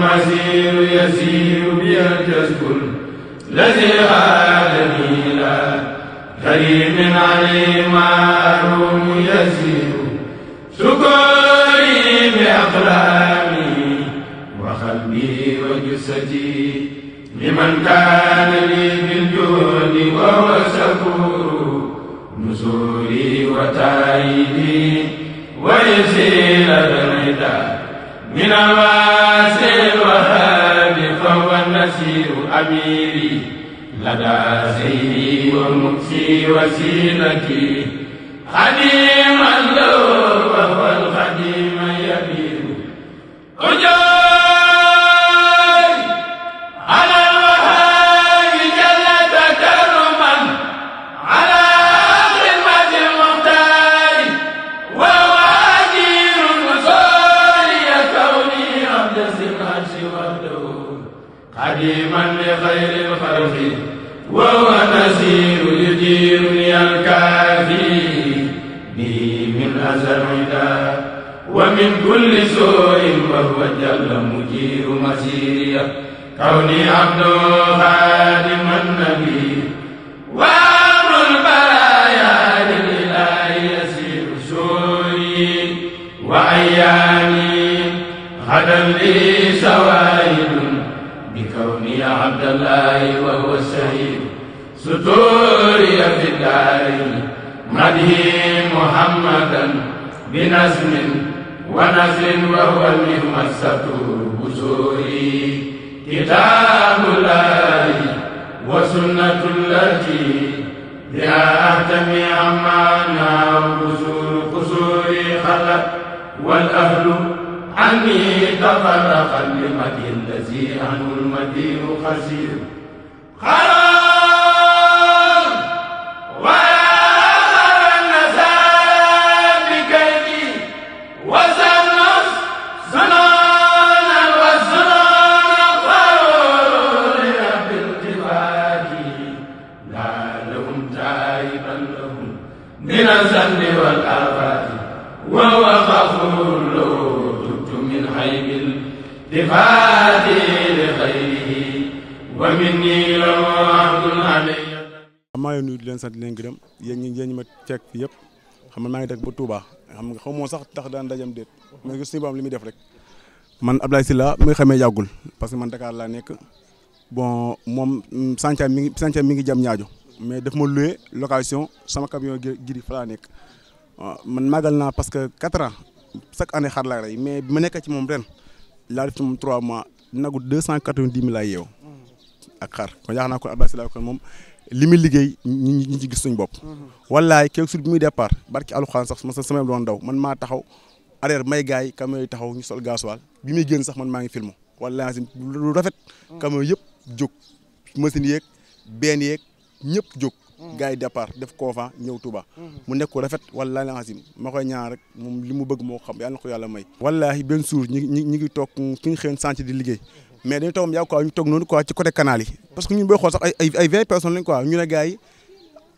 عسير يسير بي الجسد الذي غادني لا كريم علي معلوم يسير سكري بأقلامي وقلبي وجسدي لمن كان لي بالجود وهو شكور نسوري وتايدي ويسير الرداء من الله حبيبي لدى سيدي ومكسي وسيلتي خديما له وهو الخديم يبيد أجاب كثير ينكافي به من أزرنا ومن كل سوء وهو جل مجير مسيري كوني عبد خادم النبي وامر البرايا للإله يسير سوري وأيامي غدا لي سوائل بكوني عبد الله وهو السيد ستوري في الدارين مدهي محمدا بنزم ونزل وهو المهم الستور بسوري كتاب الله وسنة التي بها أهتمي أمانا وقصور قصوري خلت والأهل عني تفرقا لمدي الذي عنه المدين خسير خلاص sant leen gërëm yéen ñi ma fekk fi yëpp xam nga maa ngi dëkk ba Touba xam nga xaw moo sax tax daan dajam déet mais gis suñu borom li muy def rek man Abdoulaye Sylla mi parce que man Dakar laa nekk bon moom mm, sanca mi ngi sanca mi ngi jam ñaajo mais daf ma loué location sama camion giri fa laa nekk ah, man màggal naa parce que quatre ans chaque année xar laa rey mais bi ma nekk ci moom ren laa def ci moom trois mois nagu deux cent quatre-vingt-dix mille laa yeew ak xar kon yaakaar naa kon Abdoulaye Sylla kon moom li muy liggéey ñi ñi ci gis suñ bopp wallaay keek sur bi muy départ barki alxuraan sax ma sama doon daw man maa taxaw arrière may gars yi camion yi taxaw ñu sol gasoil bi muy génn sax man maa ngi filmé wallaay si lu rafet camion yëpp jóg machine yeeg benn yeeg ñëpp jóg gars yi départ def koofan ñëw Touba mu nekk rafet wallaay la xasim koy ñaan rek moom li mu bëgg moo xam yàlla na ko yàlla may wallaahi benn suur ñi ñi ngi toog fi ñu xeen di liggéey mais dañu toog am yàgg quoi ñu toog noonu quoi ci côté vingt personnes lañ quoi ñu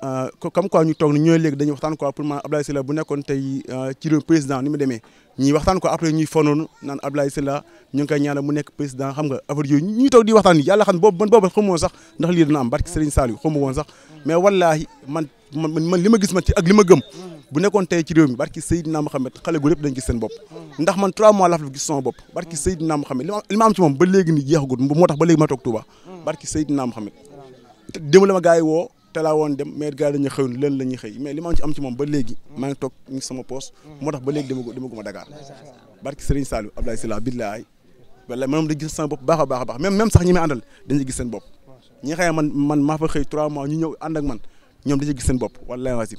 Euh, comme quoi ñu toog ni ñooy léegi dañuy waxtaan quoi pour man Abdoulaye Sylla bu nekkoon tey euh, ci réew président ni mu demee ñuy waxtaan quoi après ñuy fonoon naan Abdoulaye Sylla ñu ngi mu nekk président xam nga affaire yooyu ñuy toog di waxtaan yi yàlla xam boobu man sax ndax lii dina am barki Serigne Saliou xamu woon sax mais wallaahi man man ma gis man ci ak li ma gëm bu nekkoon tey ci réew mi barki Seydina Mohamed xale gu lépp gis seen bopp ndax man 3 te woon dem mais gars yi xëy leen la xëy mais li ma ci am ci moom ba léegi maa ngi toog ñu sama poos moo tax ba léegi dama dama guma Dakar barki Serigne Saliou Abdoulaye Sylla billaay wala man da gis sama bopp baax a baax a baax même même sax ñi may àndal dañuy gis seen bopp ñi xëy man man maa fa xëy trois mois ñu ñëw ànd man ñoom dañuy gis seen bopp wala wasim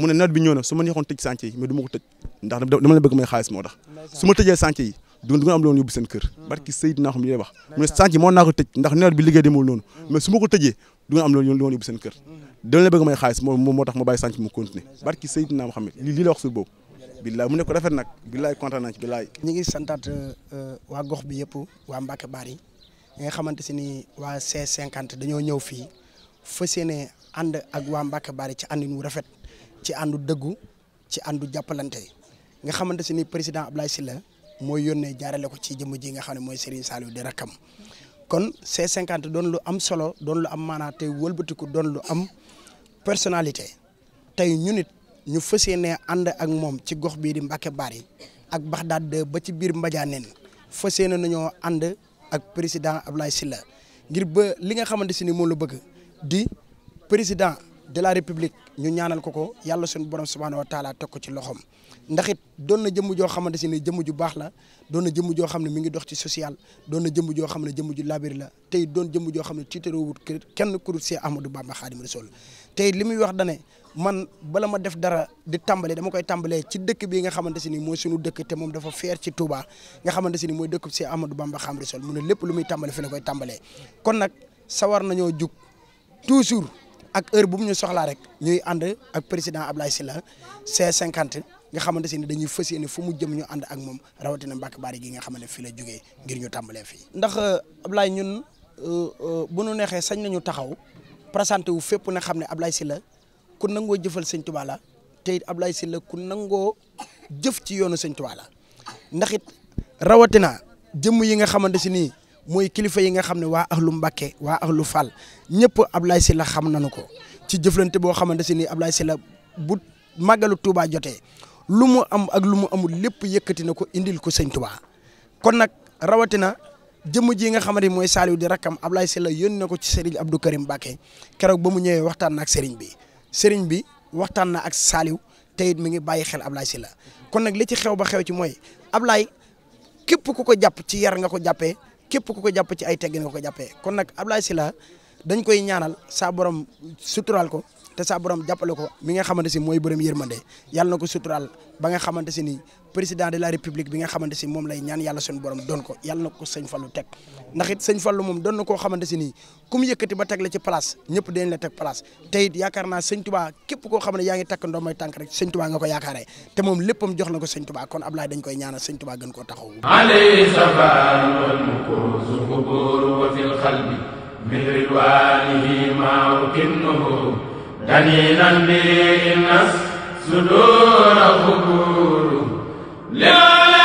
mu ne nawet bi ñëw na su ma neexoon tëj chantier yi mais du ma ko tëj ndax dama la bëgg may xaalis moo tax su ma tëjee chantier yi du du nga am loolu yóbbu seen kër hmm. barki sëy dinaa ko tëj ndax nawet bi liggéey demul noonu hmm. mais su ma ko tëjee du nga am loolu loolu moo seen kër hmm. dama la bëgg may xaalis moo moo tax ma bàyyi chantier mu continuer barki sëy dinaa xam lii la wax sur boobu billaay mu ne ko rafet nag billaay kontaan naa ci santaat euh, waa gox bi yëpp waa Mbacke baari ñi nga xamante si ni waa c cinquante dañoo ñëw fii fas yéene ànd ak waa Mbacke baari ci àndin wu rafet ci àndu dëggu ci andu jàppalante nga xamante si ni président Abdoulaye Sylla mooy yónnee jaarale ko ci jëmm ji nga xam ne mooy Serigne Saliou di rakkam kon C50 doon lu am solo doon lu am maanaa tey wëlbatiku doon lu am personnalité tey ñu nit ñu fas yéenee ànd ak moom ci gox bii di Mbacké Bari ak Baxdaad ba ci biir Mbadianeen fas yéene nañoo ànd ak président Abdoulaye Sylla ngir ba li nga xamante si ni moom la bëgg di président. de la république ñu ñaanal ko ko yàlla suñu borom subhaanahu wa taala teg ko ci loxoom ndax it doon na jëmm joo xamante si ne jëmm ju baax la doon na jëmm joo xam ne mi ngi dox ci social doon na jëmm joo xam ne jëmm ju labir la tey doon jëmm joo xam ne tiitaroowut kenn ku dul Seex Ahmadou Bamba Xaadimu Rasuul tey li muy wax dane man bala ma def dara di tàmbali dama koy tàmbalee ci dëkk bi nga xamante si ni mooy sunu dëkk te moom dafa feer ci Touba nga xamante si ni mooy dëkk Seex Ahmadou Bamba Xaadimu Rasuul mu a lépp lu muy tàmbale fi koy tàmbalee kon nag sawar nañoo jug toujours ak heure bu mu ñu soxlaa rek ñuy ànd ak président si la c cinquante nga xamante si ne dañuy fas yéene fu mu jëm ñu ànd ak moom rawatina mbakk Bari gi nga xam ne fii la jógee ngir ñu tàmbalee fii. ndax euh, Ablaye ñun euh, euh, bu nu neexee sañ nañu taxaw présenté wu fépp na xam ne Ablaye Sylla ku nangoo jëfal sëñ Tuubaa la te it ku nangoo jëf ci yoonu sëñ Tuubaa la ndax it rawatina jëmm yi nga xamante si nii. mooy kilifa yi nga xam ne waa ahlu Mbàkke waa ahlu Fall ñëpp Ablaye Sylla xam na nu ko ci jëflante boo xamante si ni Ablaye Sylla bu màggalu Touba jotee lu mu am ak lu mu amul lépp yëkkati na ko indil ko sëñ Touba kon nag rawatina jëmm ji nga xamante mooy Saliou di rakkam Ablaye Sylla yónni na ko ci Serigne Abdou Karim mbakke keroog ba mu ñëwee waxtaan na ak sëriñ bi Serigne bi waxtaan na ak saaliw te it mi ngi bàyyi xel Ablaye Sylla kon nag li ci xew ba xew ci mooy Ablaye képp ku ko jàpp ci yar nga ko jàppee. képp ku ko jàpp ci ay teggin nga ko jàppee kon nag Abdoulaye Sylla dañ koy ñaanal saa borom suturaal ko te sa borom jàppale ko mi nga xamante si mooy borom yërmande yàlla na ko suturaal ba nga xamante si ni président de la république bi nga xamante si moom lay ñaan yàlla suñu borom doon ko yàlla na ko sëñ Fallou teg ndax sëñ Fallou moom doon na koo xamante si nii ku mu ba teg la ci place ñëpp dañ la teg place te it naa sëñ Touba képp koo xam ne yaa ngi takk ndoom may tànk rek sëñ Touba nga ko yaakaaree te moom léppam jox na ko sëñ دليلا به الناس صدور غبور لولا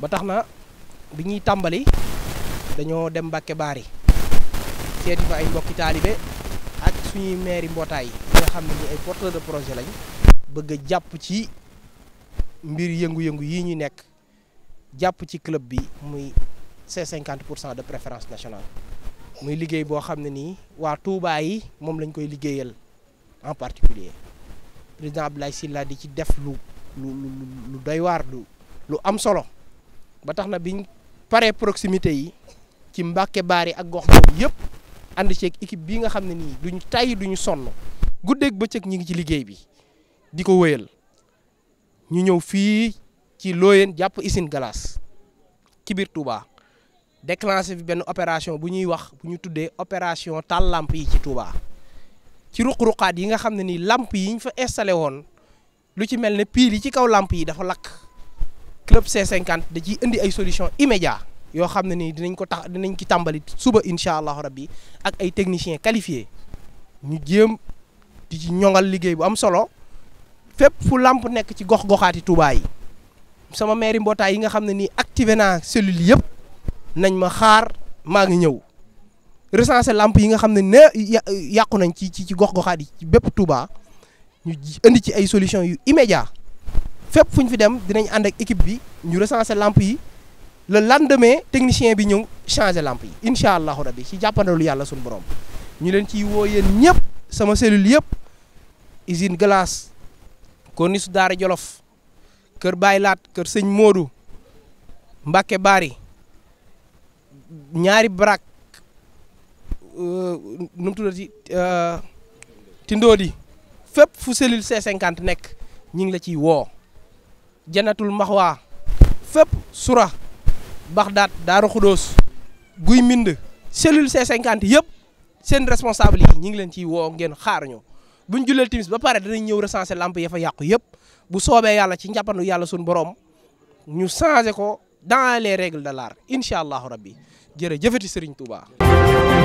ba tax na bi ñuy tàmbali dañoo dem Mbàkke yi seeti fa ay mbokki taalibe ak suñuy maire yi mbootaay yi nga xam ne ni ay porteurs de projet lañ bëgg a jàpp ci mbir yëngu-yëngu yi ñuy nekk jàpp ci club bi muy ces cinquante pour cent de préférence nationale muy liggéey boo xam ne nii waa Touba yi moom lañ koy liggéeyal en particulier président Abdoulaye Sylla di ci def lu lu lu doy waar lu lu am solo ba tax na biñ paree proximité yi ci Mbàkke yi ak gox boobu yëpp ànd ceeg équipe bii nga xam ne nii duñ tàyyi duñu sonn guddeeg bëccëg ñi ngi ci liggéey bi di ko wëyal ñu ñëw fii ci Looyeen jàpp usine glace ci biir Touba déclenché fi benn opération bu ñuy wax bu ñu tuddee opération taal làmp yi ci Touba ci ruq-ruqaat yi nga xam ne nii làmp yi ñu fa installé woon lu ci mel ne piil yi ci kaw làmp yi dafa lakk club c da ciy indi ay solution immédiat yoo xam ne nii dinañ ko tax dinañ ci tàmbali suba incha allahu rabbi ak ay technicien qualifiés ñu jéem di ci ñoŋal liggéey bu am solo fépp fu làmp nekk ci gox-goxaati Touba yi sama maire mbootaay yi nga xam ne nii activé naa cellules yëpp nañ ma xaar maa ngi ñëw recensé làmp yi nga xam ne ne yàqu nañ ci ci gox-goxaat yi ci bépp Touba ñu indi ci ay solution yu immédiat fépp fu ñu fi dem dinañ ànd ak équipe bi ñu recenser lampe yi le lendemain technicien bi ñëw changer lampe yi incha allahu rabi ci jàppandalu yàlla suñu borom ñu leen ciy woo yéen ñëpp sama cellule yëpp usine glace corniche daara jolof kër Baye Laat kër sëñ Modou Mbacke baari ñaari brak euh, nu mu tuddati euh, Tindodi fépp fu cellule c cinquante nekk ñu ngi la ciy woo. janatul maxwaa fépp sura baxdaat daaru xudóos guy mbind cellule C50 yëpp seen responsable yi ñu ngi leen ciy woo ngeen xaar ñu buñ jullee timis ba pare danañ ñëw recenser lamp yafa yàqu yëpp bu soobee yàlla ci njàppandu yàlla suñu borom ñu changé ko dans les règles de l'art incha allahu rabbi jërëjëfati Serigne Touba.